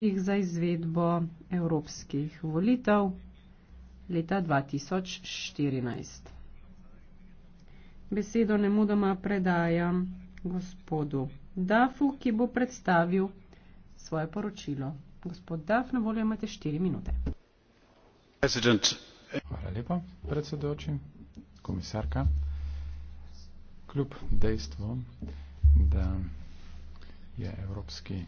postopkih za izvedbo evropskih volitev leta 2014. Besedo nemudoma predajam gospodu Dafu, ki bo predstavil svoje poročilo. Gospod Daf, na voljo imate 4 minute. President. Hvala lepa, predsedoči, komisarka. Kljub dejstvu, da je Evropski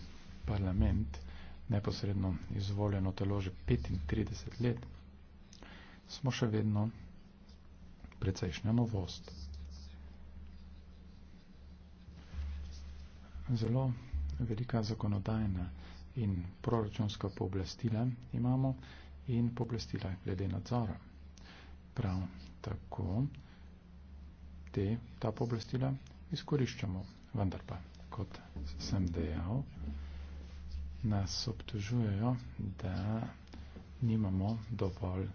parlament neposredno izvoljeno telo že 35 let, smo še vedno precejšnja novost. Zelo velika zakonodajna in proračunska pooblastila imamo in pooblastila glede nadzora. Prav tako te, ta pooblastila izkoriščamo, vendar pa, kot sem dejal, nas obtožujejo, da nimamo dovolj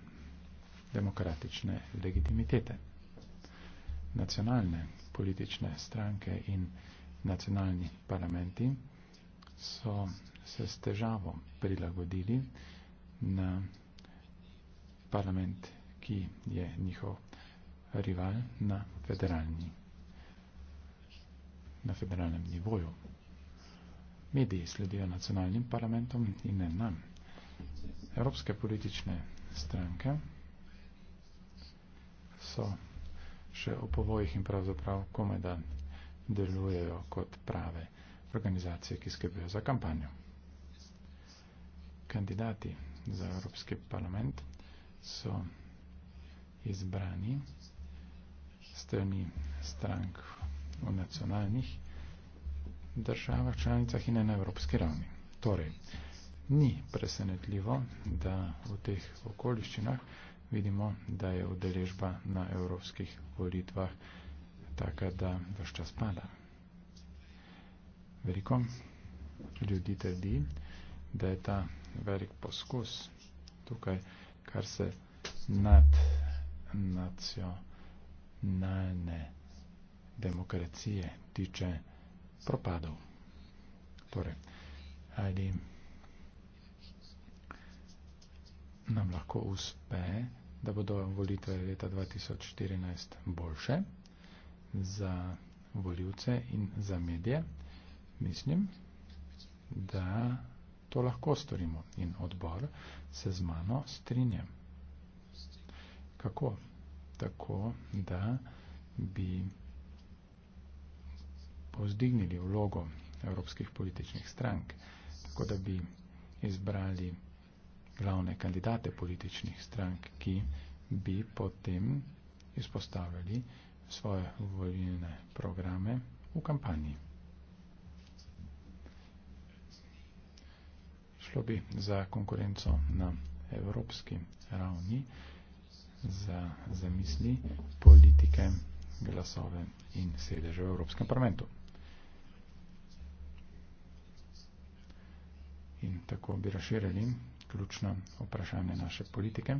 demokratične legitimitete. Nacionalne politične stranke in nacionalni parlamenti so se s težavo prilagodili na parlament, ki je njihov rival na, federalni, na federalnem nivoju. Mediji sledijo nacionalnim parlamentom in ne nam. Evropske politične stranke so še v povojih in pravzaprav komaj da delujejo kot prave organizacije, ki skrbijo za kampanjo. Kandidati za Evropski parlament so izbrani strani strank v nacionalnih državah članicah in na evropski ravni. Torej, ni presenetljivo, da v teh okoliščinah vidimo, da je udeležba na evropskih volitvah taka, da vse čas pada. Veliko ljudi trdi, da je ta velik poskus tukaj, kar se nad nacionalne demokracije tiče propadel. Torej, ali nam lahko uspe, da bodo volitve leta 2014 boljše za voljivce in za medije. Mislim, da to lahko storimo in odbor se z mano strinje. Kako? Tako, da bi povzdignili vlogo evropskih političnih strank, tako da bi izbrali glavne kandidate političnih strank, ki bi potem izpostavili svoje volilne programe v kampanji. Šlo bi za konkurenco na evropski ravni, za zamisli politike, glasove in sedeže v Evropskem parlamentu. in tako bi razširili ključna vprašanja naše politike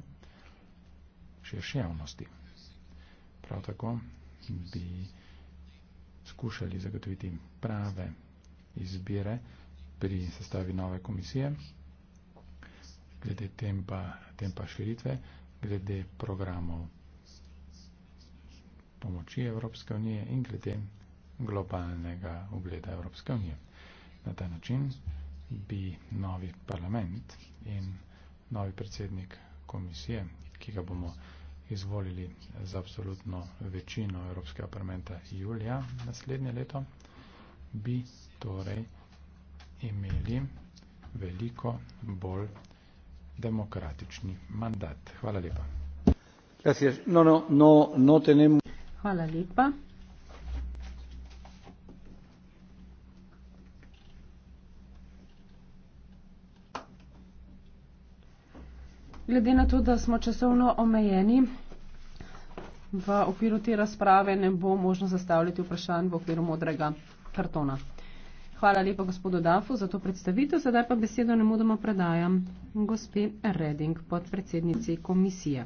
širše javnosti. Prav tako bi skušali zagotoviti prave izbire pri sestavi nove komisije, glede tempa, tempa širitve, glede programov pomoči Evropske unije in glede globalnega ugleda Evropske unije. Na ta način bi novi parlament in novi predsednik komisije, ki ga bomo izvolili z absolutno večino Evropskega parlamenta julija naslednje leto, bi torej imeli veliko bolj demokratični mandat. Hvala lepa. No, no, no, Hvala lepa. Glede na to, da smo časovno omejeni, v okviru te razprave ne bo možno zastavljati vprašanj v okviru modrega kartona. Hvala lepa gospodu Dafu za to predstavitev, sedaj pa besedo ne mudamo predajam gospe Reding, podpredsednici komisije.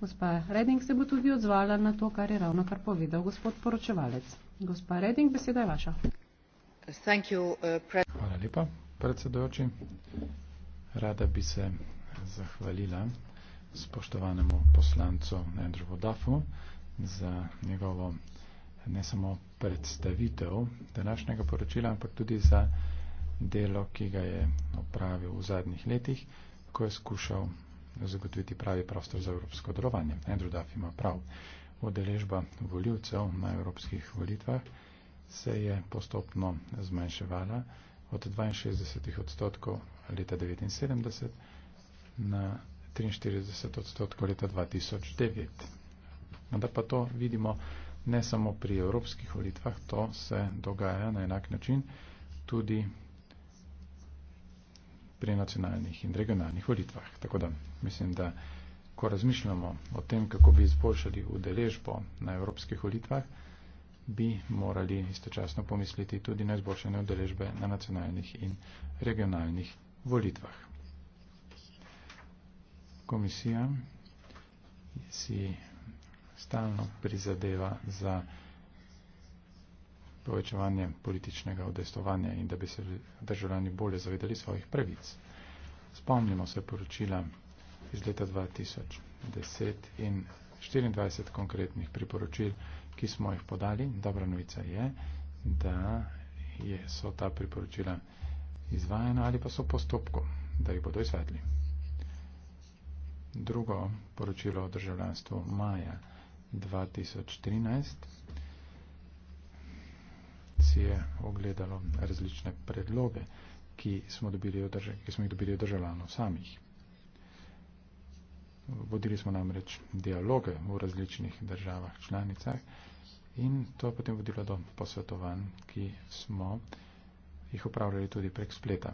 Gospa Reding se bo tudi odzvala na to, kar je ravno kar povedal gospod poročevalec. Gospa Reding, beseda je vaša. Thank you, uh, Hvala lepa, predsedujoči. Rada bi se zahvalila spoštovanemu poslancu Andrewu Duffu za njegovo ne samo predstavitev današnjega poročila, ampak tudi za delo, ki ga je opravil v zadnjih letih, ko je skušal zagotoviti pravi prostor za evropsko delovanje. Andrew Duff ima prav. Odeležba voljivcev na evropskih volitvah se je postopno zmanjševala od 62 odstotkov leta 1979 na 43 odstotkov leta 2009. Vendar pa to vidimo ne samo pri evropskih volitvah, to se dogaja na enak način tudi pri nacionalnih in regionalnih volitvah. Tako da mislim, da ko razmišljamo o tem, kako bi izboljšali udeležbo na evropskih volitvah, bi morali istočasno pomisliti tudi na izboljšanje udeležbe na nacionalnih in regionalnih volitvah. Komisija si stalno prizadeva za povečevanje političnega odestovanja in da bi se državljani bolje zavedali svojih pravic. Spomnimo se poročila iz leta 2010 in 24 konkretnih priporočil, ki smo jih podali. Dobra novica je, da je, so ta priporočila izvajena ali pa so postopku, da jih bodo izvedli. Drugo poročilo o državljanstvu maja 2013 si je ogledalo različne predloge, ki smo, dobili od ki smo jih dobili od državljanov samih. Vodili smo namreč dialoge v različnih državah članicah in to je potem vodilo do posvetovanj, ki smo jih upravljali tudi prek spleta.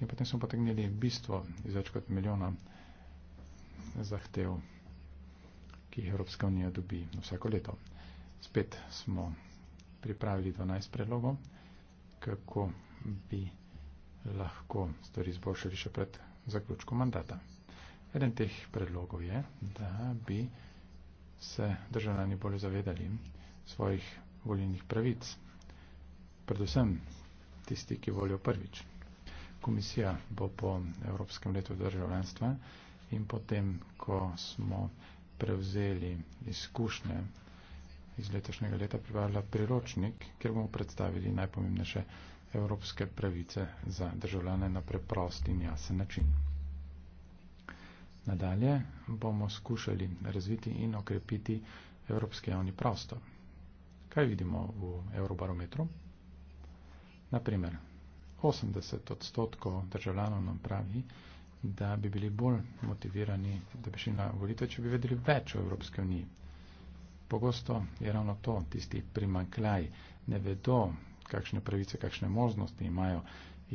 In potem smo potegnili bistvo iz več kot milijona zahtev, ki jih Evropska unija dobi vsako leto. Spet smo pripravili 12 predlogov, kako bi lahko stvari izboljšali še pred zaključko mandata. Eden teh predlogov je, da bi se državljani bolj zavedali svojih volilnih pravic predvsem tisti, ki volijo prvič. Komisija bo po Evropskem letu državljanstva in potem, ko smo prevzeli izkušnje iz letošnjega leta, pripravila priročnik, kjer bomo predstavili najpomembnejše evropske pravice za državljane na preprost in jasen način. Nadalje bomo skušali razviti in okrepiti evropski javni prostor. Kaj vidimo v Eurobarometru? Naprimer, 80 odstotkov državljanov nam pravi, da bi bili bolj motivirani, da bi šli na volitve, če bi vedeli več o Evropske uniji. Pogosto je ravno to, tisti primanklaj ne vedo, kakšne pravice, kakšne možnosti imajo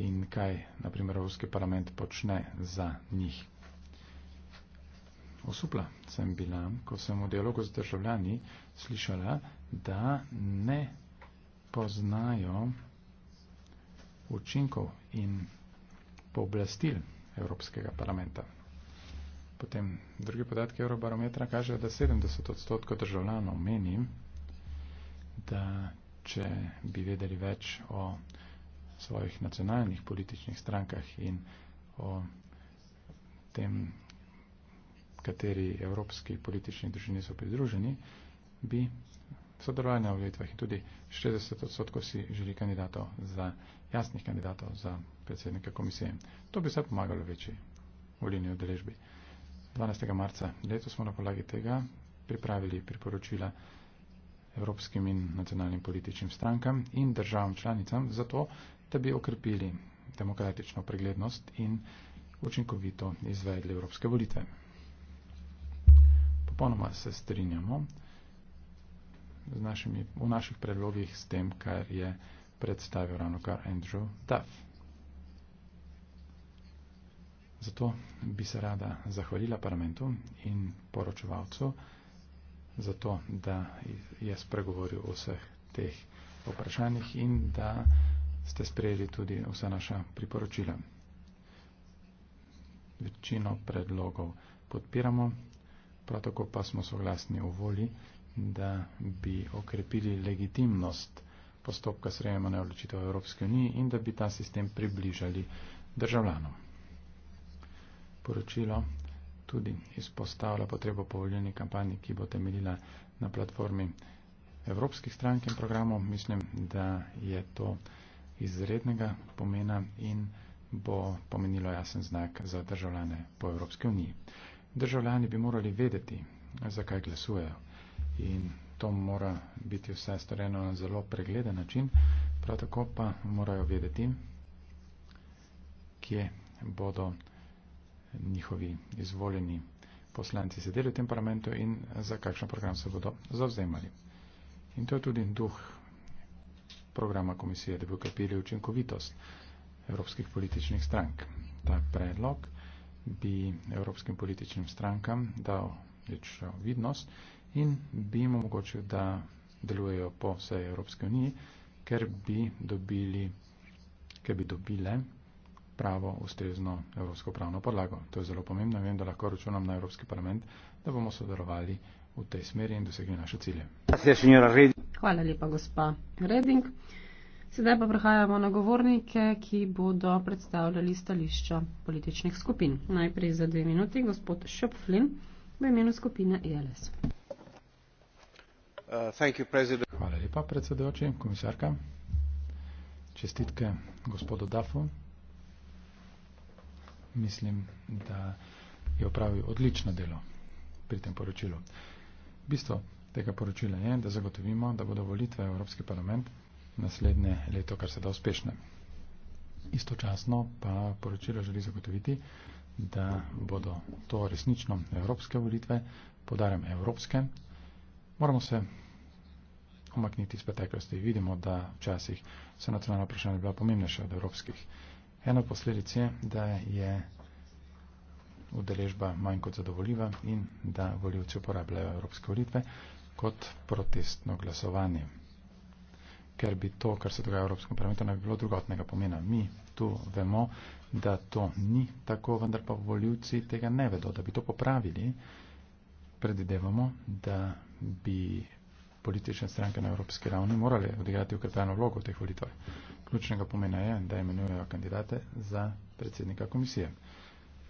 in kaj, naprimer, Evropski parlament počne za njih. Osupla sem bila, ko sem v dialogu z državljani slišala, da ne poznajo učinkov in pooblastil Evropskega parlamenta. Potem drugi podatki Eurobarometra kažejo, da 70 odstotkov državljanov meni, da če bi vedeli več o svojih nacionalnih političnih strankah in o tem, kateri evropski politični družini so pridruženi, bi sodelovanja v letvah in tudi 60 odstotkov si želi kandidatov za jasnih kandidatov za predsednike komisije. To bi vse pomagalo večji volilni udeležbi. 12. marca leto smo na podlagi tega pripravili priporočila evropskim in nacionalnim političnim strankam in državam članicam za to, da bi okrepili demokratično preglednost in učinkovito izvedli evropske volitve. Popolnoma se strinjamo z našimi, v naših predlogih s tem, kar je predstavil ravno kar Andrew Duff. Zato bi se rada zahvalila parlamentu in poročevalcu za to, da je spregovoril o vseh teh vprašanjih in da ste sprejeli tudi vsa naša priporočila. Večino predlogov podpiramo, prav tako pa smo soglasni o volji, da bi okrepili legitimnost postopka sprejemanja odločitev v Evropski uniji in da bi ta sistem približali državljanom. Poročilo tudi izpostavlja potrebo po voljeni kampanji, ki bo temeljila na platformi evropskih strank in programov. Mislim, da je to izrednega pomena in bo pomenilo jasen znak za državljane po Evropski uniji. Državljani bi morali vedeti, zakaj glasujejo. In to mora biti vse storjeno na zelo pregleden način, prav tako pa morajo vedeti, kje bodo njihovi izvoljeni poslanci sedeli v tem parlamentu in za kakšen program se bodo zavzemali. In to je tudi duh programa komisije, da bi ukrepili učinkovitost evropskih političnih strank. Ta predlog bi evropskim političnim strankam dal ječišav vidnost in bi jim omogočil, da delujejo po vsej Evropske unije, ker bi dobili, ker bi dobile pravo, ustrezno evropsko pravno podlago. To je zelo pomembno in vem, da lahko računam na Evropski parlament, da bomo sodelovali v tej smeri in dosegli naše cilje. Hvala lepa, gospa Reding. Sedaj pa prehajamo na govornike, ki bodo predstavljali stališča političnih skupin. Najprej za dve minuti, gospod Šopflin. E uh, Hvala lepa, predsedujoči, komisarka. Čestitke gospodu Dafu. Mislim, da je opravil odlično delo pri tem poročilu. Bistvo tega poročila je, da zagotovimo, da bodo volitve v Evropski parlament naslednje leto, kar se da uspešne. Istočasno pa poročilo želi zagotoviti, da bodo to resnično evropske volitve, podarjam evropske. Moramo se omakniti iz preteklosti. Vidimo, da včasih so nacionalna vprašanja bila pomembnejša od evropskih. Ena od posledic je, da je udeležba manj kot zadovoljiva in da voljivci uporabljajo evropske volitve kot protestno glasovanje. Ker bi to, kar se dogaja v Evropskem parlamentu, ne bi bilo drugotnega pomena. Mi to vemo, da to ni tako, vendar pa voljivci tega ne vedo. Da bi to popravili, predvidevamo, da bi politične stranke na evropski ravni morale odigrati ukrepeno vlogo v teh volitvah. Ključnega pomena je, da imenujejo kandidate za predsednika komisije.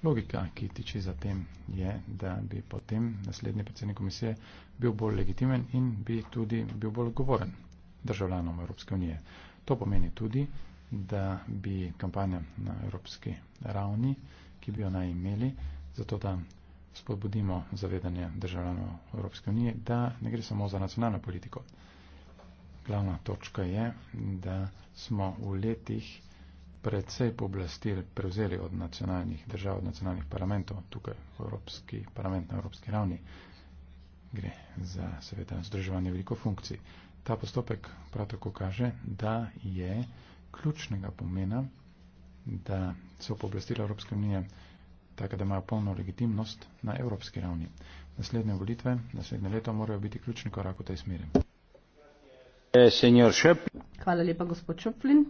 Logika, ki tiči za tem, je, da bi potem naslednji predsednik komisije bil bolj legitimen in bi tudi bil bolj odgovoren državljanom Evropske unije. To pomeni tudi, da bi kampanja na evropski ravni, ki bi jo naj imeli, zato da spodbudimo zavedanje državljanov Evropske unije, da ne gre samo za nacionalno politiko. Glavna točka je, da smo v letih predvsej pooblastil prevzeli od nacionalnih držav, od nacionalnih parlamentov, tukaj Evropski parlament na Evropski ravni, gre za seveda združevanje veliko funkcij. Ta postopek prav tako kaže, da je ključnega pomena, da so pooblastila Evropske unije tako, da imajo polno legitimnost na evropski ravni. Naslednje volitve, naslednje leto morajo biti ključni korak v tej smeri. Eh, Hvala lepa, gospod Šoplin.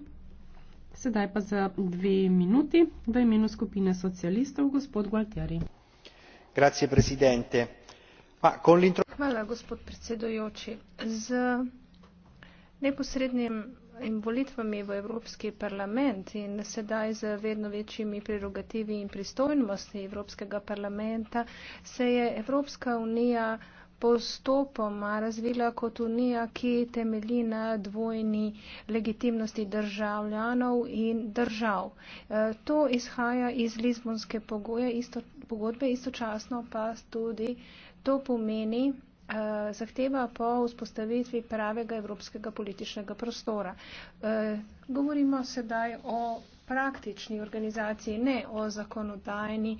Sedaj pa za dve minuti v imenu skupine socialistov, gospod Gualtieri. Grazie, presidente. Ma, Hvala, gospod predsedojoči. Z neposrednjim in volitvami v Evropski parlament in sedaj z vedno večjimi prerogativi in pristojnosti Evropskega parlamenta se je Evropska unija postopoma razvila kot unija, ki temelji na dvojni legitimnosti državljanov in držav. E, to izhaja iz Lizbonske pogoje, isto, pogodbe, istočasno pa tudi to pomeni, Eh, zahteva po vzpostavitvi pravega evropskega političnega prostora. Eh, govorimo sedaj o praktični organizaciji, ne o zakonodajni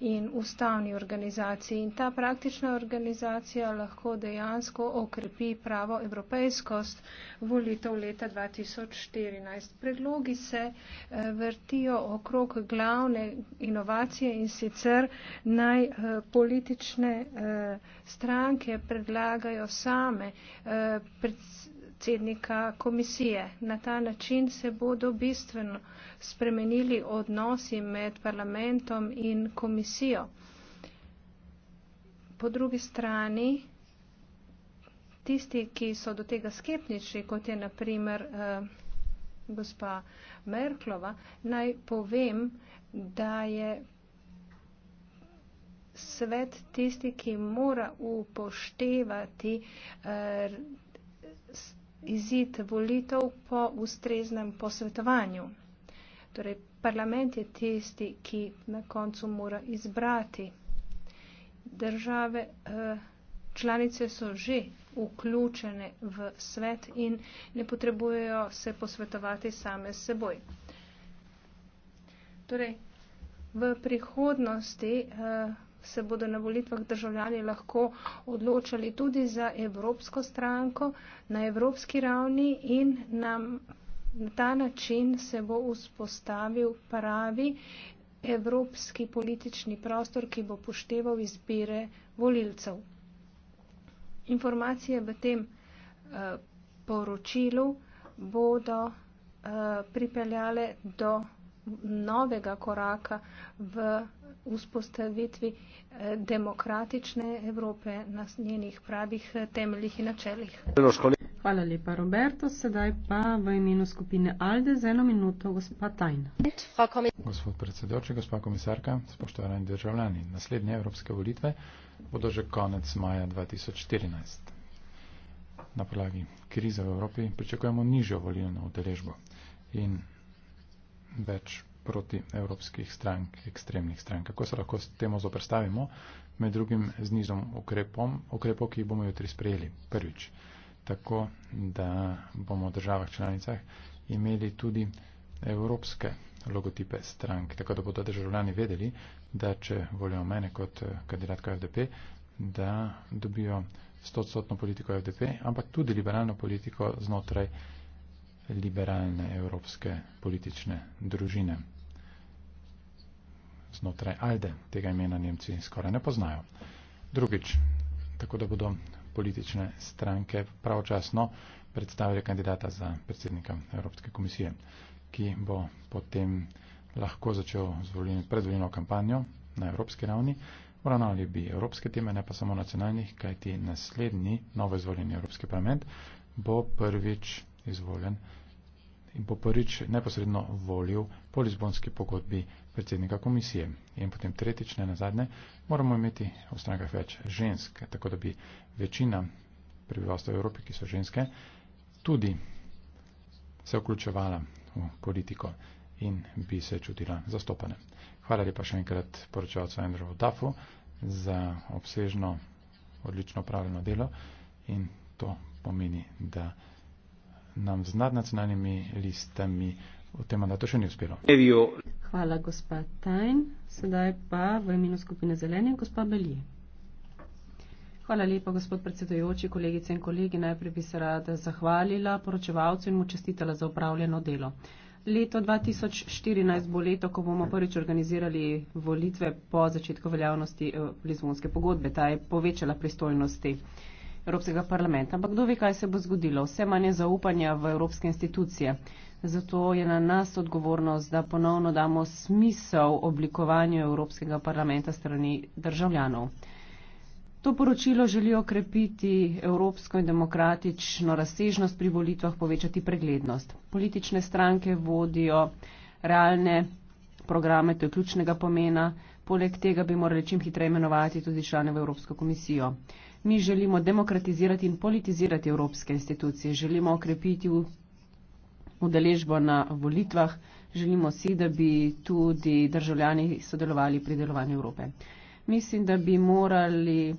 in ustavni organizaciji. In ta praktična organizacija lahko dejansko okrepi pravo evropejskost volitev leta 2014. Predlogi se eh, vrtijo okrog glavne inovacije in sicer naj eh, politične eh, stranke predlagajo same predstavljanje predsednika komisije. Na ta način se bodo bistveno spremenili odnosi med parlamentom in komisijo. Po drugi strani, tisti, ki so do tega skeptični, kot je naprimer eh, gospa Merklova, naj povem, da je svet tisti, ki mora upoštevati eh, izid volitev po ustreznem posvetovanju. Torej, parlament je tisti, ki na koncu mora izbrati. Države eh, članice so že vključene v svet in ne potrebujejo se posvetovati same s seboj. Torej, v prihodnosti uh, se bodo na volitvah državljani lahko odločali tudi za evropsko stranko na evropski ravni in nam na ta način se bo vzpostavil pravi evropski politični prostor, ki bo pošteval izbire volilcev. Informacije v tem eh, poročilu bodo eh, pripeljale do novega koraka v uspostavitvi eh, demokratične Evrope na njenih pravih eh, temeljih in načeljih. Hvala lepa, Roberto. Sedaj pa v imenu skupine ALDE za eno minuto gospa Tajna. Gospod predsedoči, gospa komisarka, spoštovani državljani, naslednje evropske volitve bodo že konec maja 2014. Na podlagi krize v Evropi pričakujemo nižjo volilno udeležbo in več proti evropskih strank, ekstremnih strank. Kako se lahko s temo zoprstavimo? Med drugim z nizom ukrepom, ukrepov, ki bomo jutri sprejeli prvič, tako da bomo v državah članicah imeli tudi evropske logotipe strank, tako da bodo državljani vedeli, da če volijo mene kot eh, kandidatka FDP, da dobijo 100-odstotno politiko FDP, ampak tudi liberalno politiko znotraj liberalne evropske politične družine. Znotraj ALDE tega imena Nemci skoraj ne poznajo. Drugič, tako da bodo politične stranke pravočasno predstavile kandidata za predsednika Evropske komisije, ki bo potem lahko začel predvoljeno kampanjo na evropski ravni. Uravnali bi evropske teme, ne pa samo nacionalnih, kajti naslednji novo izvoljeni Evropski parlament bo prvič izvoljen in bo prvič neposredno volil po Lizbonski pogodbi predsednika komisije. In potem tretjič, ne nazadnje, moramo imeti v strankah več žensk, tako da bi večina prebivalstva Evrope, ki so ženske, tudi se vključevala v politiko in bi se čutila zastopane. Hvala lepa še enkrat poročevalcu Andrewu Dafu za obsežno, odlično upravljeno delo in to pomeni, da nam z nadnacionalnimi listami v tem mandatu še ni uspelo. Hvala, gospa Tajn. Sedaj pa v imenu skupine Zelenje, gospa Belije. Hvala lepa, gospod predsedojoči, kolegice in kolegi. Najprej bi se rada zahvalila poročevalcu in mu čestitala za upravljeno delo. Leto 2014 bo leto, ko bomo prvič organizirali volitve po začetku veljavnosti eh, Lizbonske pogodbe. Ta je povečala pristojnosti. Evropskega parlamenta. Ampak kdo ve, kaj se bo zgodilo. Vse manje zaupanja v evropske institucije. Zato je na nas odgovornost, da ponovno damo smisel oblikovanju Evropskega parlamenta strani državljanov. To poročilo želijo krepiti evropsko in demokratično razsežnost pri volitvah, povečati preglednost. Politične stranke vodijo realne programe, to je ključnega pomena. Poleg tega bi morali čim hitreje imenovati tudi člane v Evropsko komisijo. Mi želimo demokratizirati in politizirati evropske institucije, želimo okrepiti udeležbo na volitvah, želimo si, da bi tudi državljani sodelovali pri delovanju Evrope. Mislim, da bi morali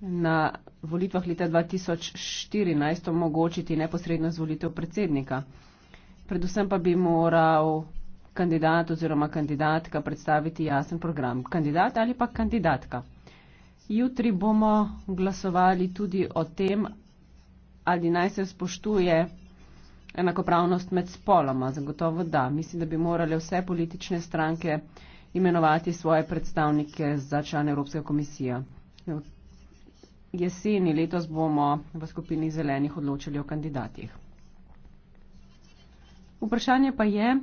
na volitvah leta 2014 omogočiti neposredno zvolitev predsednika. Predvsem pa bi moral kandidat oziroma kandidatka predstaviti jasen program. Kandidat ali pa kandidatka. Jutri bomo glasovali tudi o tem, ali naj se spoštuje enakopravnost med spoloma. Zagotovo da. Mislim, da bi morale vse politične stranke imenovati svoje predstavnike za člane Evropske komisije. Jeseni letos bomo v skupini zelenih odločili o kandidatih. Vprašanje pa je,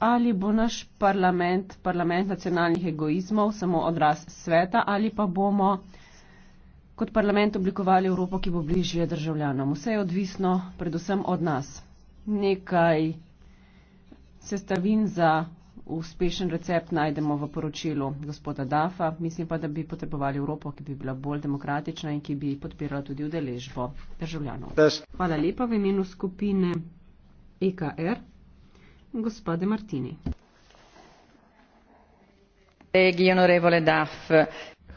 ali bo naš parlament parlament nacionalnih egoizmov, samo odraz sveta, ali pa bomo kot parlament oblikovali Evropo, ki bo bližje državljanom. Vse je odvisno predvsem od nas. Nekaj sestavin za uspešen recept najdemo v poročilu gospoda Dafa. Mislim pa, da bi potrebovali Evropo, ki bi bila bolj demokratična in ki bi podpirala tudi udeležbo državljanov. Hvala lepa v imenu skupine EKR gospode Martini.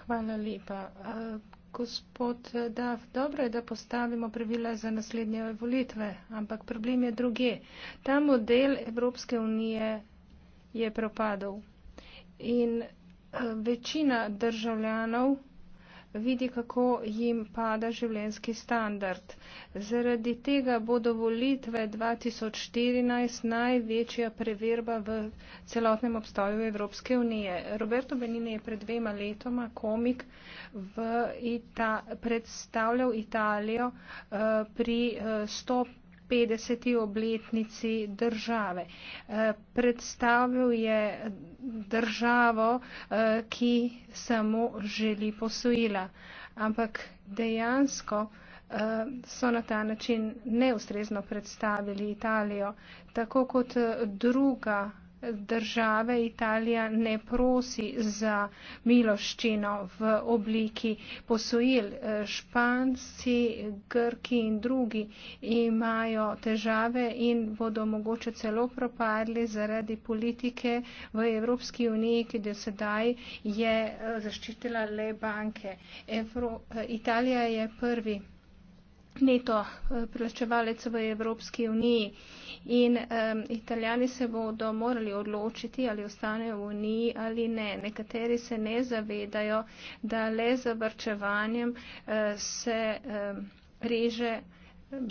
Hvala lepa. Gospod Daf, dobro je, da postavimo pravila za naslednje volitve, ampak problem je druge. Ta model Evropske unije je propadal in večina državljanov vidi, kako jim pada življenski standard. Zaradi tega bodo volitve 2014 največja preverba v celotnem obstoju Evropske unije. Roberto Benini je pred dvema letoma komik v Ita predstavljal Italijo uh, pri uh, eh, 100. 50. obletnici države. Eh, predstavil je državo, eh, ki samo želi posojila, ampak dejansko eh, so na ta način neustrezno predstavili Italijo, tako kot druga države Italija ne prosi za miloščino v obliki posojil. E, Španci, Grki in drugi imajo težave in bodo mogoče celo propadli zaradi politike v Evropski uniji, ki do sedaj je e, zaščitila le banke. Evro, e, Italija je prvi neto eh, prilačevalec v Evropski uniji in um, italijani se bodo morali odločiti, ali ostanejo v uniji ali ne. Nekateri se ne zavedajo, da le z vrčevanjem uh, eh, se um, reže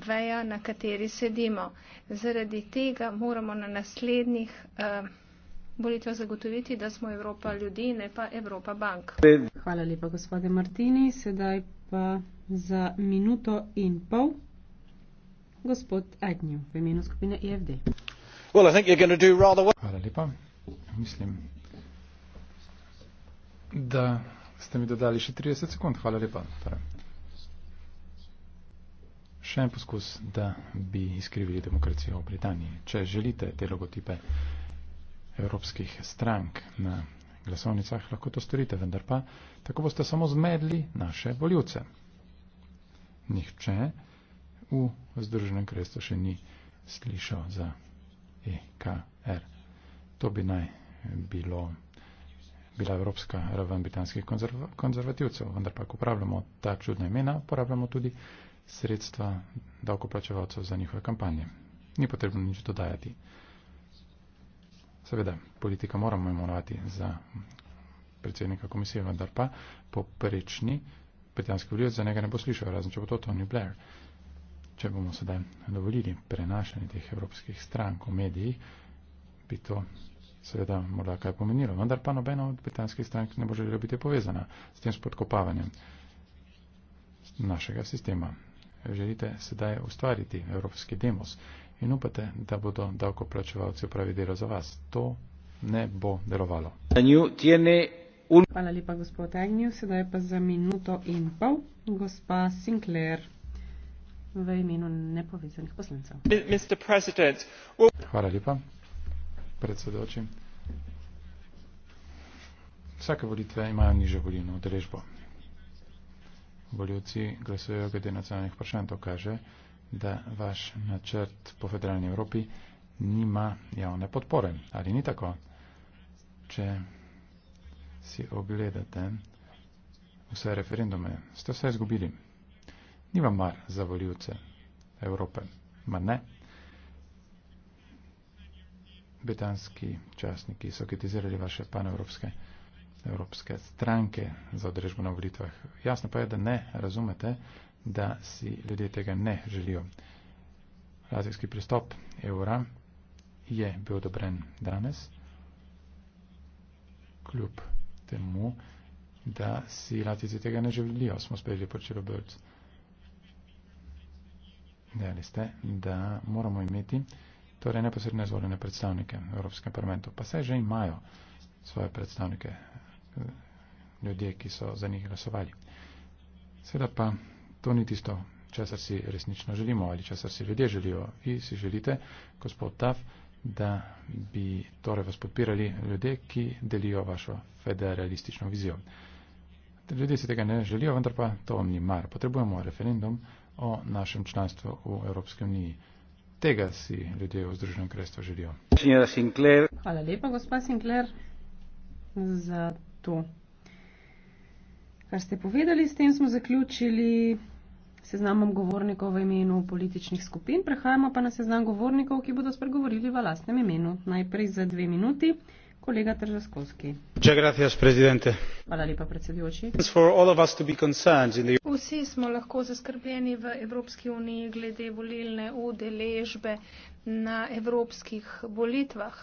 veja, na kateri sedimo. Zaradi tega moramo na naslednjih uh, volitev zagotoviti, da smo Evropa ljudi, ne pa Evropa bank. Hvala lepa, gospode Martini. Sedaj pa za minuto in pol. Gospod Agnew, v imenu skupine EFD. Well, I think you're gonna do rather well. Hvala lepa. Mislim, da ste mi dodali še 30 sekund. Hvala lepa. Torej. Še en poskus, da bi izkrivili demokracijo v Britaniji. Če želite te logotipe evropskih strank na glasovnicah, lahko to storite, vendar pa tako boste samo zmedli naše voljivce nihče v Združenem kresto še ni slišal za EKR. To bi naj bilo, bila evropska raven britanskih konzerv konzervativcev, vendar pa, ko uporabljamo ta čudna imena, uporabljamo tudi sredstva davkoplačevalcev za njihove kampanje. Ni potrebno nič dodajati. Seveda, politika moramo imenovati za predsednika komisije, vendar pa poprečni britanski voljivec za njega ne bo slišal, razen če bo to Tony Blair. Če bomo sedaj dovolili prenašanje teh evropskih strank v medijih, bi to seveda morda kaj pomenilo. Vendar pa nobena od britanskih strank ne bo želela biti povezana s tem spodkopavanjem našega sistema. Želite sedaj ustvariti evropski demos in upate, da bodo davkoplačevalci upravi delo za vas. To ne bo delovalo. Hvala lepa, gospod Agnew. Sedaj pa za minuto in pol, gospa Sinclair, v imenu nepovezanih poslancev. Hvala lepa, predsedoči. Vsake volitve imajo nižjo volilno udeležbo. Voljivci glasujejo glede nacionalnih vprašanj. To kaže, da vaš načrt po federalni Evropi nima javne podpore. Ali ni tako? Če si ogledate vse referendume, ste vse izgubili. Ni vam mar za voljivce Evrope, ma ne. Britanski časniki so kritizirali vaše panevropske evropske stranke za odrežbo na volitvah. Jasno pa je, da ne razumete, da si ljudje tega ne želijo. Razijski pristop evra je bil odobren danes, kljub temu, da si latici tega ne želijo. Smo sprejeli po Čirobrc. Dejali ste, da moramo imeti torej neposredne izvoljene predstavnike v Evropskem parlamentu. Pa saj že imajo svoje predstavnike, ljudje, ki so za njih glasovali. Sedaj pa to ni tisto, česar si resnično želimo ali česar si ljudje želijo. Vi si želite, gospod Taf, da bi torej vas podpirali ljudje, ki delijo vašo federalistično vizijo. Ljudje si tega ne želijo, vendar pa to ni mar. Potrebujemo referendum o našem članstvu v Evropski uniji. Tega si ljudje v Združenem kraljestvu želijo. Hvala lepa, gospod Sinclair, za to. Kar ste povedali, s tem smo zaključili seznamom govornikov v imenu političnih skupin, prehajamo pa na seznam govornikov, ki bodo spregovorili v lastnem imenu. Najprej za dve minuti. Kolega Tržaskovski. Hvala lepa, predsedujoči. Vsi smo lahko zaskrbljeni v Evropski uniji glede volilne udeležbe na evropskih volitvah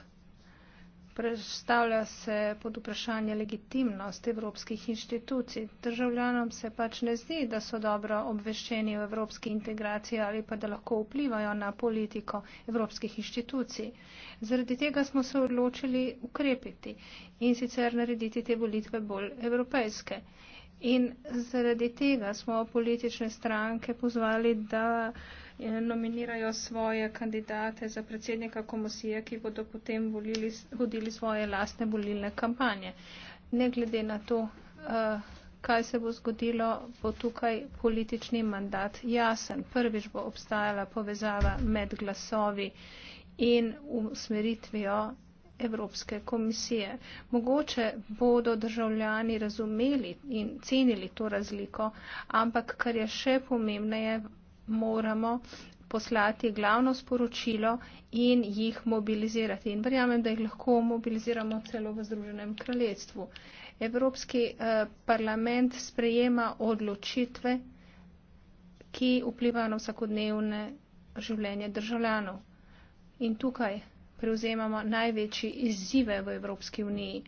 predstavlja se pod vprašanje legitimnost evropskih inštitucij. Državljanom se pač ne zdi, da so dobro obveščeni v evropski integraciji ali pa da lahko vplivajo na politiko evropskih inštitucij. Zaradi tega smo se odločili ukrepiti in sicer narediti te volitve bolj evropejske. In zaradi tega smo politične stranke pozvali, da nominirajo svoje kandidate za predsednika komisije, ki bodo potem volili, vodili svoje lastne volilne kampanje. Ne glede na to, eh, kaj se bo zgodilo, bo tukaj politični mandat jasen. Prvič bo obstajala povezava med glasovi in usmeritvijo Evropske komisije. Mogoče bodo državljani razumeli in cenili to razliko, ampak kar je še pomembneje, moramo poslati glavno sporočilo in jih mobilizirati. In verjamem, da jih lahko mobiliziramo celo v Združenem kraljestvu. Evropski eh, parlament sprejema odločitve, ki vplivajo na vsakodnevne življenje državljanov. In tukaj prevzemamo največji izzive v Evropski uniji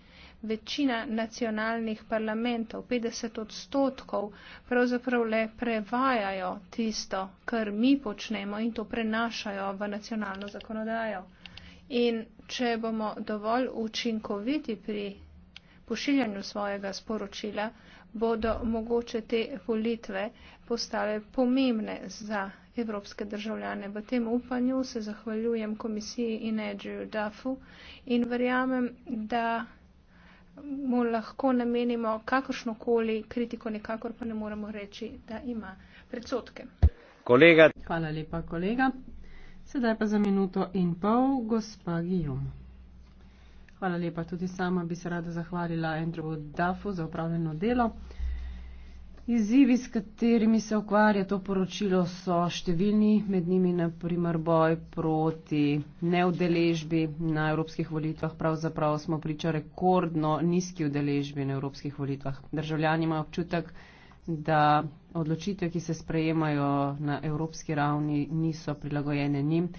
večina nacionalnih parlamentov, 50 odstotkov, pravzaprav le prevajajo tisto, kar mi počnemo in to prenašajo v nacionalno zakonodajo. In če bomo dovolj učinkoviti pri pošiljanju svojega sporočila, bodo mogoče te volitve postale pomembne za evropske državljane. V tem upanju se zahvaljujem komisiji in Edgeju Duffu in verjamem, da mu lahko namenimo kakršnokoli kritiko, nekakor pa ne moremo reči, da ima predsotke. Kolega. Hvala lepa, kolega. Sedaj pa za minuto in pol, gospa Gijom. Hvala lepa, tudi sama bi se rada zahvalila Andrewu Duffu za upravljeno delo. Izzivi, s katerimi se ukvarja to poročilo, so številni, med njimi naprimer boj proti neudeležbi na evropskih volitvah. Pravzaprav smo priča rekordno nizki udeležbi na evropskih volitvah. Državljani imajo občutek, da odločitve, ki se sprejemajo na evropski ravni, niso prilagojene njim.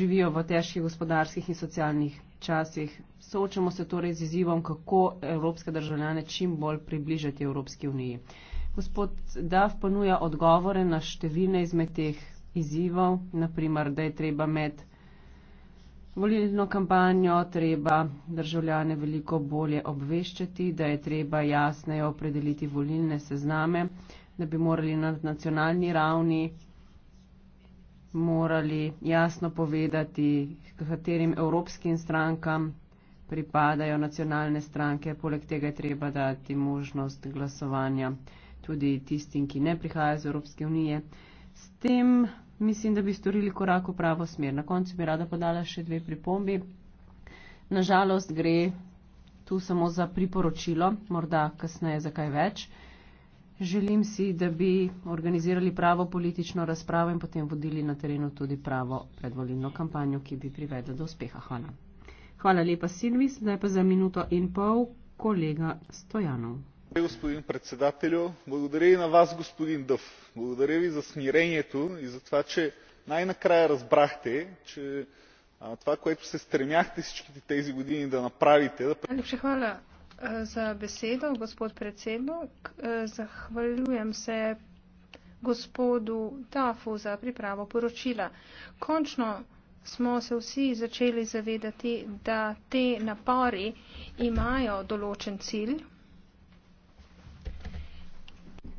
Živijo v težkih gospodarskih in socialnih časih. Soočamo se torej z izzivom, kako evropske državljane čim bolj približati Evropski uniji gospod Dav ponuja odgovore na številne izmed teh izzivov, naprimer, da je treba med volilno kampanjo, treba državljane veliko bolje obveščati, da je treba jasneje opredeliti volilne sezname, da bi morali na nacionalni ravni morali jasno povedati, katerim evropskim strankam pripadajo nacionalne stranke, poleg tega je treba dati možnost glasovanja tudi tistim, ki ne prihajajo iz Evropske unije. S tem mislim, da bi storili korak v pravo smer. Na koncu bi rada podala še dve pripombi. Nažalost gre tu samo za priporočilo, morda kasneje za kaj več. Želim si, da bi organizirali pravo politično razpravo in potem vodili na terenu tudi pravo predvolilno kampanjo, ki bi privedla do uspeha. Hvala. Hvala lepa, Silvis. Zdaj pa za minuto in pol kolega Stojanov gospodine predsjedatelju благодаря и на вас господин дъв. благодаря ви за смирението и за това че най накрая разбрахте че това което се стремяхте всичките тези години да направите. najlepša hvala za besedo gospod predsednik zahvaljujem se gospodu duffu za pripravo poročila. končno smo se vsi začeli zavedati da ti napori imajo določen cilj.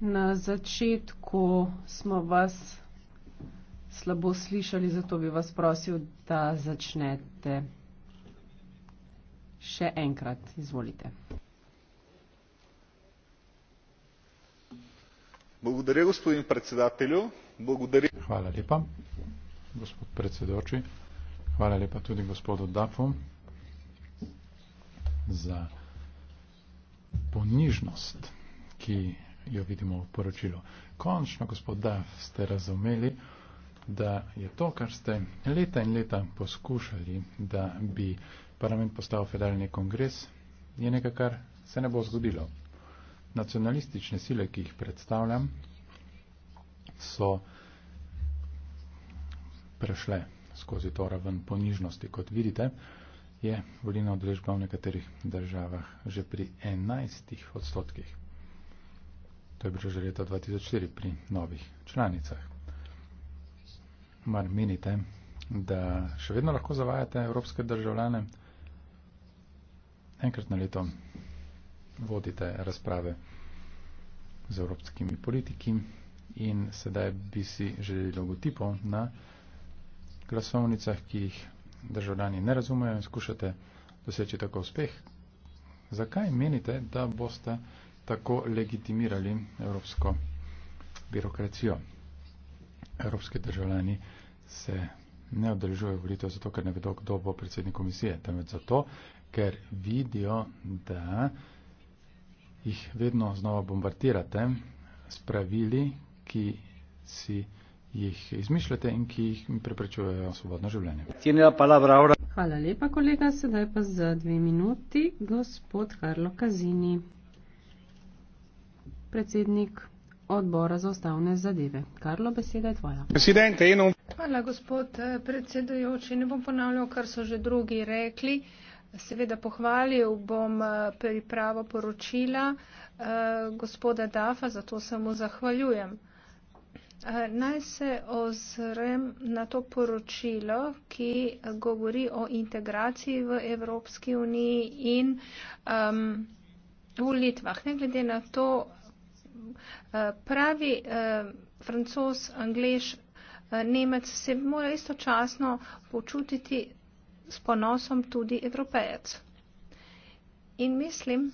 Na začetku smo vas slabo slišali, zato bi vas prosil, da začnete še enkrat. Izvolite. Благодаря, господин председателю. Благодаря. Хвала лепа, господ председочи. Хвала лепа туди господу Дафу за понижност, ки jo vidimo v poročilu. Končno, gospod Daf, ste razumeli, da je to, kar ste leta in leta poskušali, da bi parlament postal federalni kongres, je nekaj, kar se ne bo zgodilo. Nacionalistične sile, ki jih predstavljam, so prešle skozi to raven ponižnosti, kot vidite, je volilna odrežba v nekaterih državah že pri 11 odstotkih. To je bilo že leta 2004 pri novih članicah. Mar menite, da še vedno lahko zavajate evropske državljane? Enkrat na leto vodite razprave z evropskimi politiki in sedaj bi si želeli logotipov na glasovnicah, ki jih državljani ne razumejo in skušate doseči tako uspeh. Zakaj menite, da boste tako legitimirali evropsko birokracijo. Evropski državljani se ne odrežujejo volitev zato, ker ne vedo, kdo bo predsednik komisije, temveč zato, ker vidijo, da jih vedno znova bombardirate s pravili, ki si jih izmišljate in ki jih preprečujejo svobodno življenje. Hvala lepa, kolega. Sedaj pa za dve minuti gospod Karlo Kazini predsednik odbora za ustavne zadeve. Karlo, beseda je tvoja. Hvala, gospod eh, predsedujoči. Ne bom ponavljal, kar so že drugi rekli. Seveda pohvalil bom eh, pripravo poročila eh, gospoda Dafa, zato se mu zahvaljujem. Naj se ozrem na to poročilo, ki govori o integraciji v Evropski uniji in um, volitvah. Ne glede na to, Eh, pravi eh, francos, anglež, eh, nemec se mora istočasno počutiti s ponosom tudi evropejec. In mislim,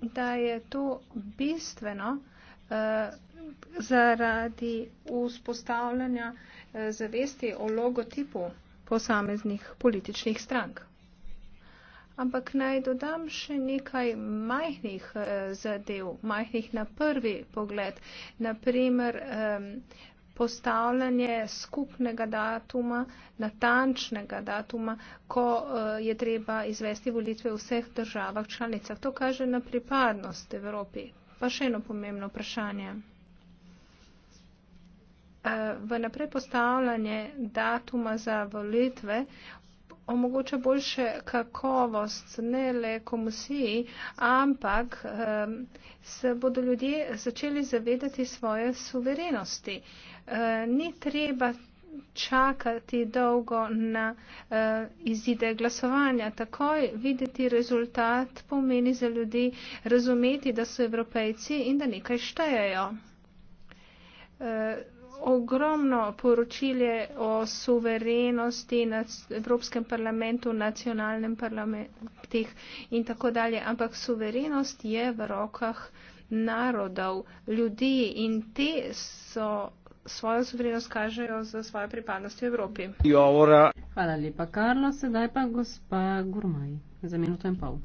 da je to bistveno eh, zaradi vzpostavljanja eh, zavesti o logotipu posameznih političnih strank ampak naj dodam še nekaj majhnih eh, zadev, majhnih na prvi pogled. Naprimer, eh, postavljanje skupnega datuma, natančnega datuma, ko eh, je treba izvesti volitve v vseh državah članicah. To kaže na pripadnost Evropi. Pa še eno pomembno vprašanje. Eh, v naprej postavljanje datuma za volitve omogoča boljše kakovost ne le komisiji, ampak se bodo ljudje začeli zavedati svoje suverenosti. E, ni treba čakati dolgo na e, izide glasovanja. Takoj videti rezultat pomeni za ljudi razumeti, da so evropejci in da nekaj štejejo. E, ogromno poročilje o suverenosti na Evropskem parlamentu, nacionalnem parlamentih in tako dalje, ampak suverenost je v rokah narodov, ljudi in te so svojo suverenost kažejo za svojo pripadnost v Evropi. Jovora. Hvala lepa, Karlo. Sedaj pa gospa Gurmaj za minuto in pol.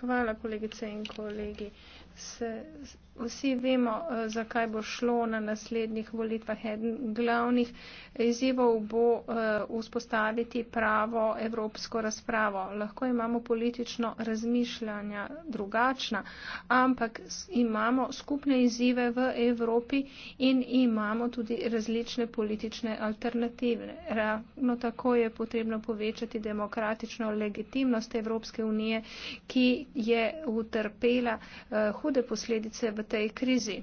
Hvala, kolegice in kolegi se vsi vemo, eh, zakaj bo šlo na naslednjih volitvah. Eden glavnih izzivov bo eh, vzpostaviti pravo evropsko razpravo. Lahko imamo politično razmišljanja drugačna, ampak imamo skupne izzive v Evropi in imamo tudi različne politične alternative. Ravno tako je potrebno povečati demokratično legitimnost Evropske unije, ki je utrpela uh, hude posledice v tej krizi.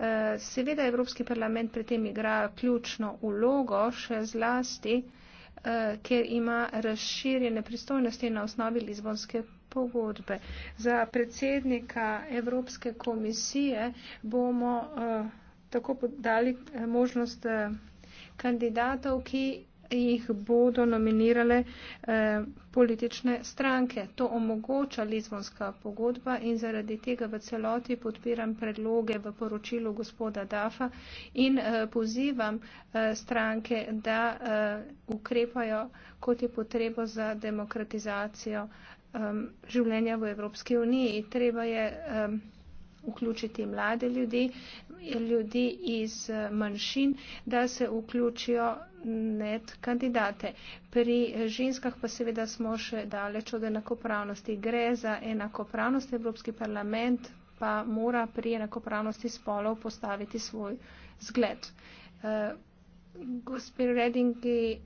Eh, seveda Evropski parlament pri tem igra ključno ulogo, še zlasti, eh, ker ima razširjene pristojnosti na osnovi Lizbonske pogodbe. Za predsednika Evropske komisije bomo eh, tako podali možnost kandidatov, ki jih bodo nominirale eh, politične stranke. To omogoča Lizbonska pogodba in zaradi tega v celoti podpiram predloge v poročilu gospoda Dafa in eh, pozivam eh, stranke, da eh, ukrepajo, kot je potrebo za demokratizacijo eh, življenja v Evropski uniji. Treba je eh, vključiti mlade ljudi, ljudi iz eh, manjšin, da se vključijo net kandidate. Pri ženskah pa seveda smo še daleč od enakopravnosti. Gre za enakopravnost Evropski parlament pa mora pri enakopravnosti spolov postaviti svoj zgled. E, gospe Redingi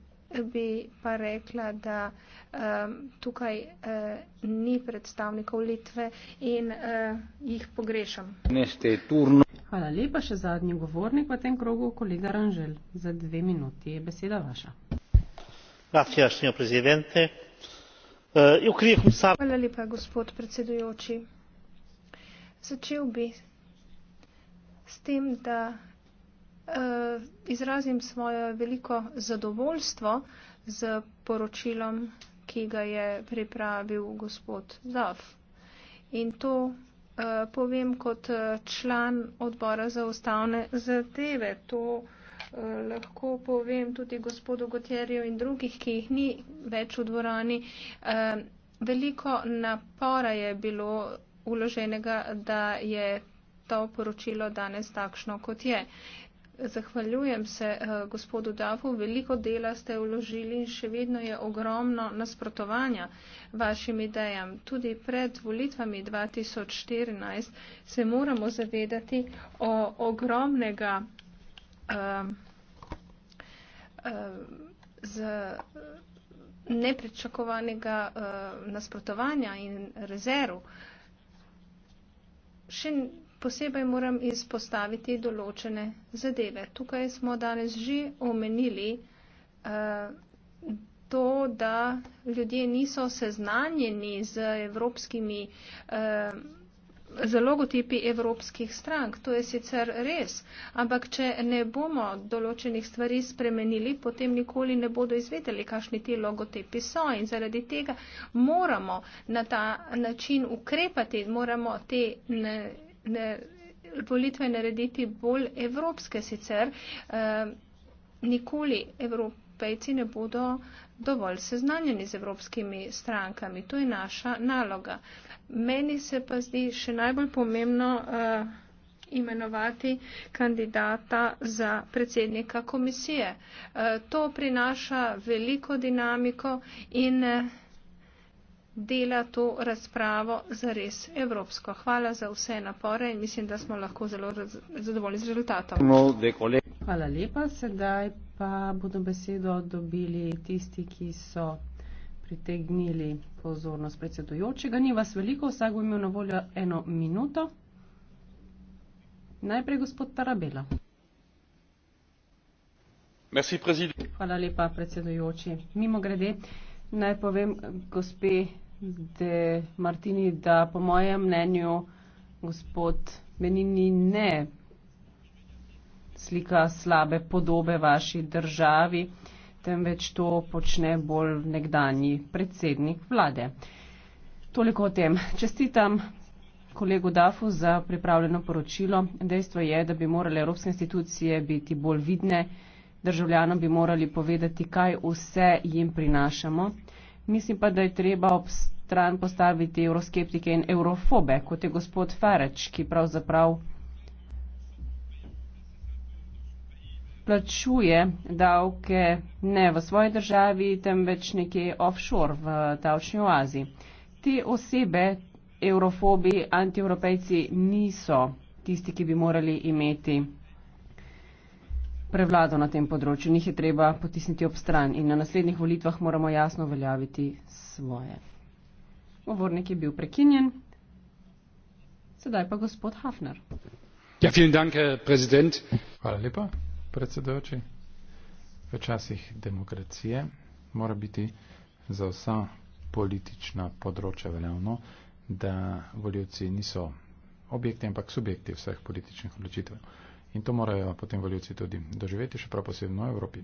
bi pa rekla, da e, tukaj e, ni predstavnikov Litve in e, jih pogrešam. Hvala lepa. Še zadnji govornik v tem krogu, kolega Ranžel. Za dve minuti je beseda vaša. Gracias, señor presidente. Uh, eh, komisar... Hvala lepa, gospod predsedujoči. Začel bi s tem, da uh, izrazim svoje veliko zadovoljstvo z poročilom, ki ga je pripravil gospod Zaf. In to Eh, povem kot eh, član odbora za ustavne zadeve. To eh, lahko povem tudi gospodu Gotjerju in drugih, ki jih ni več v dvorani. Veliko napora je bilo uloženega, da je to poročilo danes takšno, kot je. Zahvaljujem se eh, gospodu Davu. Veliko dela ste vložili in še vedno je ogromno nasprotovanja vašim idejam. Tudi pred volitvami 2014 se moramo zavedati o ogromnega um, um, z neprečakovanega um, nasprotovanja in rezerv. Še posebej moram izpostaviti določene zadeve. Tukaj smo danes že omenili uh, to, da ljudje niso seznanjeni z evropskimi. Uh, eh, za logotipi evropskih strank. To je sicer res, ampak če ne bomo določenih stvari spremenili, potem nikoli ne bodo izvedeli, kakšni ti logotipi so in zaradi tega moramo na ta način ukrepati, moramo te ne, volitve narediti bolj evropske sicer, eh, nikoli evropejci ne bodo dovolj seznanjeni z evropskimi strankami. To je naša naloga. Meni se pa zdi še najbolj pomembno eh, imenovati kandidata za predsednika komisije. Eh, to prinaša veliko dinamiko in. Eh, dela to razpravo zares evropsko. Hvala za vse napore in mislim, da smo lahko zelo zadovoljni z rezultatom. Hvala lepa. Sedaj pa bodo besedo dobili tisti, ki so pritegnili pozornost predsedujočega. Ni vas veliko, vsak bo imel na voljo eno minuto. Najprej gospod Tarabela. Hvala lepa, predsedujoči. Mimo grede, naj povem gospe De Martini, da po mojem mnenju gospod Menini ne slika slabe podobe vaši državi, temveč to počne bolj nekdani predsednik vlade. Toliko o tem. Čestitam kolegu Dafu za pripravljeno poročilo. Dejstvo je, da bi morale evropske institucije biti bolj vidne, državljanom bi morali povedati, kaj vse jim prinašamo. Mislim pa, da je treba obstati stran postaviti euroskeptike in eurofobe, kot je gospod Fareč, ki pravzaprav plačuje davke ne v svoji državi, temveč nekje offshore v davčni oazi. Te osebe, eurofobi, antievropejci niso tisti, ki bi morali imeti prevlado na tem področju. Njih je treba potisniti ob stran in na naslednjih volitvah moramo jasno veljaviti svoje. Govornik je bil prekinjen. Sedaj pa gospod Hafner. Ja, dank, Hvala lepa, predsedujoči. V časih demokracije mora biti za vsa politična področja veljavno, da voljivci niso objekti, ampak subjekti vseh političnih odločitev. In to morajo potem voljivci tudi doživeti, še prav posebno v Evropi.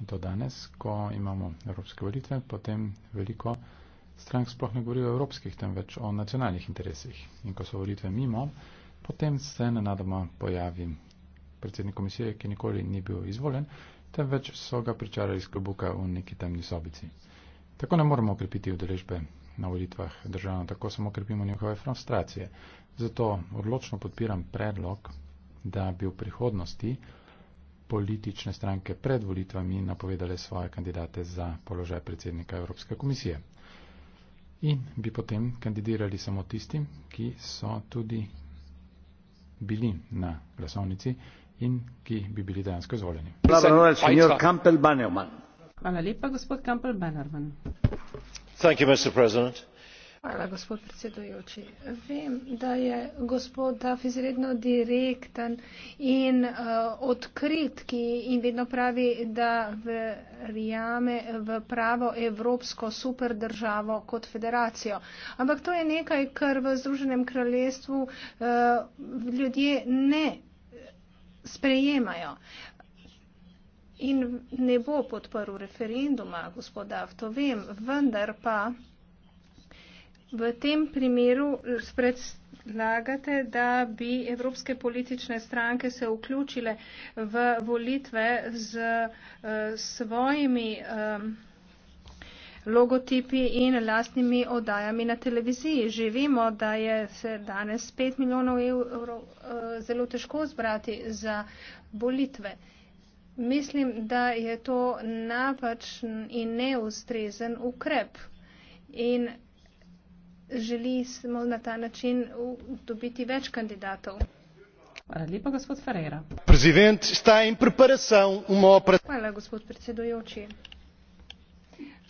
In to danes, ko imamo evropske volitve, potem veliko strank sploh ne govori o evropskih, temveč o nacionalnih interesih. In ko so volitve mimo, potem se nenadoma pojavi predsednik komisije, ki nikoli ni bil izvoljen, temveč so ga pričarali iz klobuka v neki temni sobici. Tako ne moremo okrepiti udeležbe na volitvah državno, tako samo okrepimo njihove frustracije. Zato odločno podpiram predlog, da bi v prihodnosti politične stranke pred volitvami napovedale svoje kandidate za položaj predsednika Evropske komisije in bi potem kandidirali samo tistim, ki so tudi bili na glasovnici in ki bi bili dejansko izvoljeni. Hvala lepa, gospod Kampel Bannerman. Thank you, Mr. President. Hvala, gospod predsedojoči. Vem, da je gospod Daf izredno direkten in uh, odkrit, ki in vedno pravi, da verjame v pravo evropsko superdržavo kot federacijo. Ampak to je nekaj, kar v Združenem kraljestvu uh, ljudje ne sprejemajo. In ne bo podporil referenduma, gospod Daf, to vem, vendar pa. V tem primeru predlagate, da bi evropske politične stranke se vključile v volitve z uh, svojimi um, logotipi in lastnimi oddajami na televiziji. Živimo, da je se danes 5 milijonov evrov uh, zelo težko zbrati za volitve. Mislim, da je to napačen in neustrezen ukrep. In želi smo na ta način dobiti več kandidatov. Hvala lepa, gospod Ferreira. Prezident sta in preparação uma operação. Hvala, gospod predsedujoči.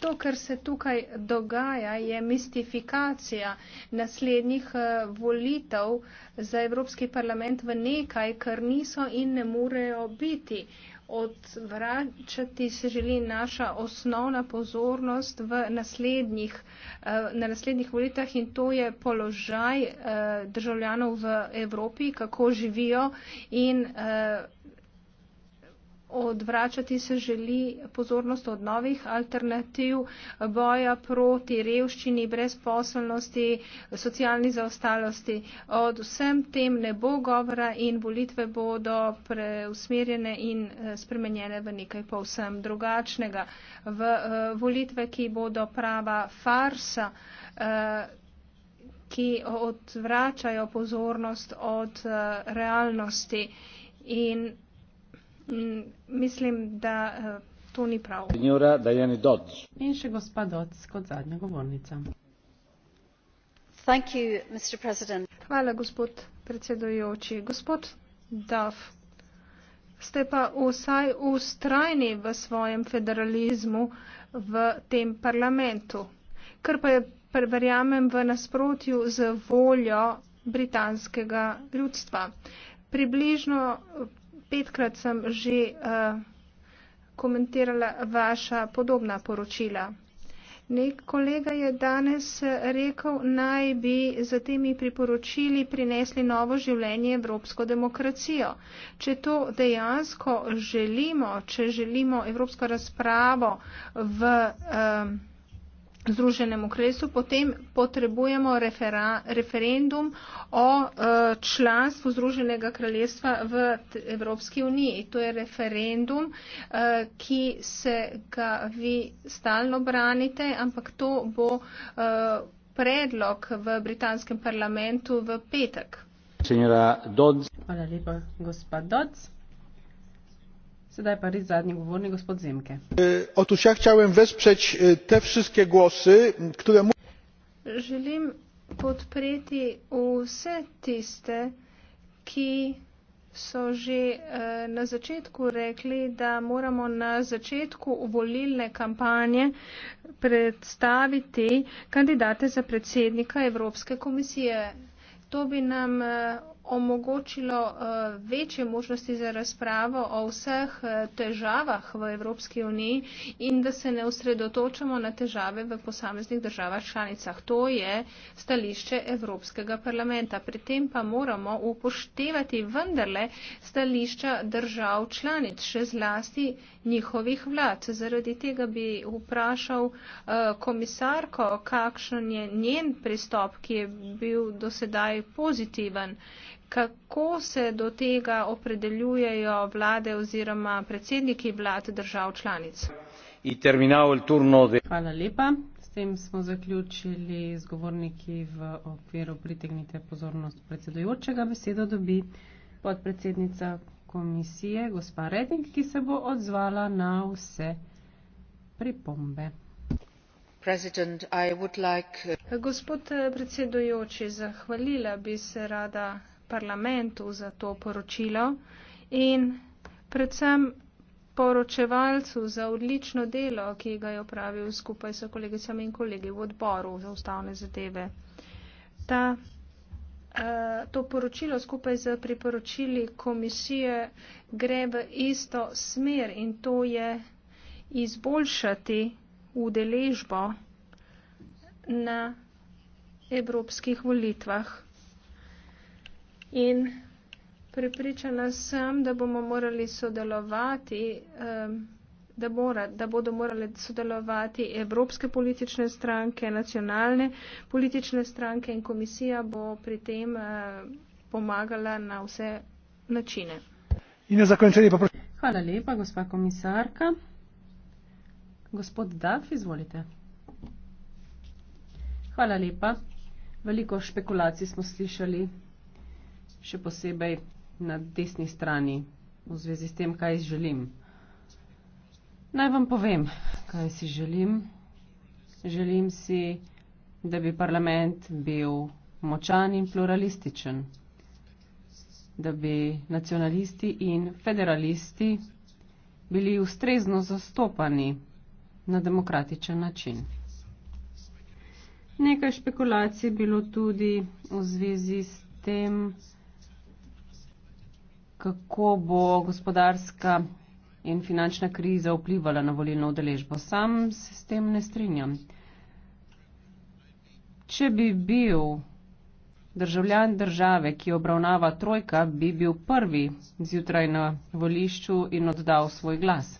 To, kar se tukaj dogaja, je mistifikacija naslednjih eh, volitev za Evropski parlament v nekaj, kar niso in ne morejo biti odvračati se želi naša osnovna pozornost v naslednjih, eh, na naslednjih volitah in to je položaj eh, državljanov v Evropi, kako živijo in eh, odvračati se želi pozornost od novih alternativ boja proti revščini, brezposelnosti, socialni zaostalosti. Od vsem tem ne bo govora in volitve bodo preusmerjene in eh, spremenjene v nekaj povsem drugačnega. V eh, volitve, ki bodo prava farsa, eh, ki odvračajo pozornost od realnosti. In mislim, da eh, to ni prav. In še gospa Dodds kot zadnja govornica. You, Hvala, gospod predsedojoči. Gospod Duff, ste pa vsaj ustrajni v svojem federalizmu v tem parlamentu, kar pa je, verjamem, v nasprotju z voljo britanskega ljudstva. Približno petkrat sem že eh, komentirala vaša podobna poročila. Nek kolega je danes eh, rekel, naj bi za temi priporočili prinesli novo življenje evropsko demokracijo. Če to dejansko želimo, če želimo evropsko razpravo v. Eh, Združenemu kresu, potem potrebujemo refera, referendum o e, članstvu Združenega kraljestva v Evropski uniji. To je referendum, e, ki se ga vi stalno branite, ampak to bo e, predlog v britanskem parlamentu v petek. Hvala lepa, gospod Dodds. Sedaj pa res zadnji govornik, gospod Zemke. E, Otuš, ja chciałem vesprzeć e, te wszystkie głosy, które mu... Želim podpreti vse tiste, ki so že e, na začetku rekli, da moramo na začetku volilne kampanje predstaviti kandidate za predsednika Evropske komisije. To bi nam omogočilo eh, večje možnosti za razpravo o vseh eh, težavah v Evropski uniji in da se ne osredotočamo na težave v posameznih državah članicah. To je stališče Evropskega parlamenta. Pri tem pa moramo upoštevati vendarle stališča držav članic, še zlasti njihovih vlad. Zaradi tega bi vprašal eh, komisarko, kakšen je njen pristop, ki je bil do sedaj pozitiven kako se do tega opredeljujejo vlade oziroma predsedniki vlad držav članic. Hvala lepa. S tem smo zaključili z govorniki v okviru pritegnite pozornost predsedujočega. Besedo dobi podpredsednica komisije, gospa Reding, ki se bo odzvala na vse pripombe. Like... Gospod predsedujoči, zahvalila bi se rada parlamentu za to poročilo in predvsem poročevalcu za odlično delo, ki ga je opravil skupaj s kolegicami in kolegi v odboru za ustavne zadeve. Ta, eh, to poročilo skupaj z priporočili komisije gre v isto smer in to je izboljšati udeležbo na evropskih volitvah. In pripričana sem, da bomo morali sodelovati, da, mora, da bodo morali sodelovati evropske politične stranke, nacionalne politične stranke in komisija bo pri tem eh, pomagala na vse načine. In na zakončenje pa prosim. Hvala lepa, gospa komisarka. Gospod Daf, izvolite. Hvala lepa. Veliko špekulacij smo slišali še posebej na desni strani v zvezi s tem, kaj želim. Naj vam povem, kaj si želim. Želim si, da bi parlament bil močan in pluralističen, da bi nacionalisti in federalisti bili ustrezno zastopani na demokratičen način. Nekaj špekulacij bilo tudi v zvezi s tem, kako bo gospodarska in finančna kriza vplivala na volilno udeležbo. Sam se s tem ne strinjam. Če bi bil državljan države, ki obravnava trojka, bi bil prvi zjutraj na volišču in oddal svoj glas.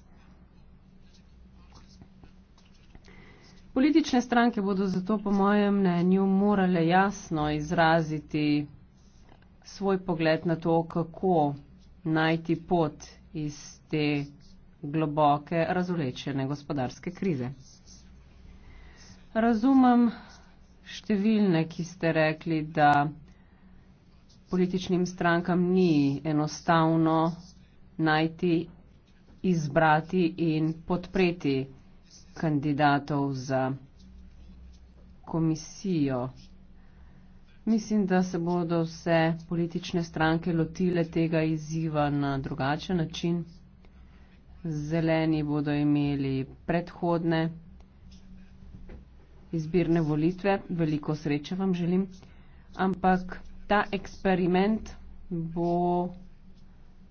Politične stranke bodo zato, po mojem mnenju, morale jasno izraziti svoj pogled na to, kako najti pot iz te globoke, razulečene gospodarske krize. Razumem številne, ki ste rekli, da političnim strankam ni enostavno najti, izbrati in podpreti kandidatov za komisijo Mislim, da se bodo vse politične stranke lotile tega izziva na drugačen način. Zeleni bodo imeli predhodne izbirne volitve. Veliko sreče vam želim. Ampak ta eksperiment bo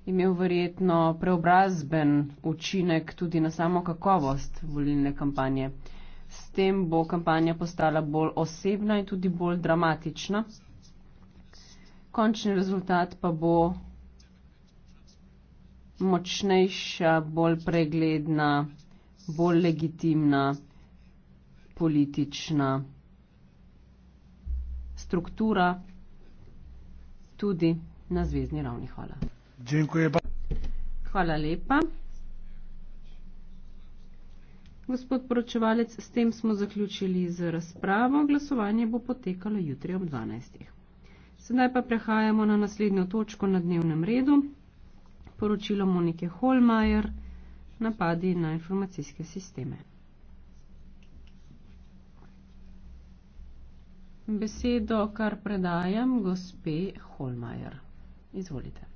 imel verjetno preobrazben učinek tudi na samo kakovost volilne kampanje s tem bo kampanja postala bolj osebna in tudi bolj dramatična. Končni rezultat pa bo močnejša, bolj pregledna, bolj legitimna politična struktura tudi na zvezdni ravni. Hvala. Hvala lepa. Gospod poročevalec, s tem smo zaključili z razpravo. Glasovanje bo potekalo jutri ob 12. Sedaj pa prehajamo na naslednjo točko na dnevnem redu. Poročilo Monike Holmajer, napadi na informacijske sisteme. Besedo, kar predajam, gospe Holmajer. Izvolite.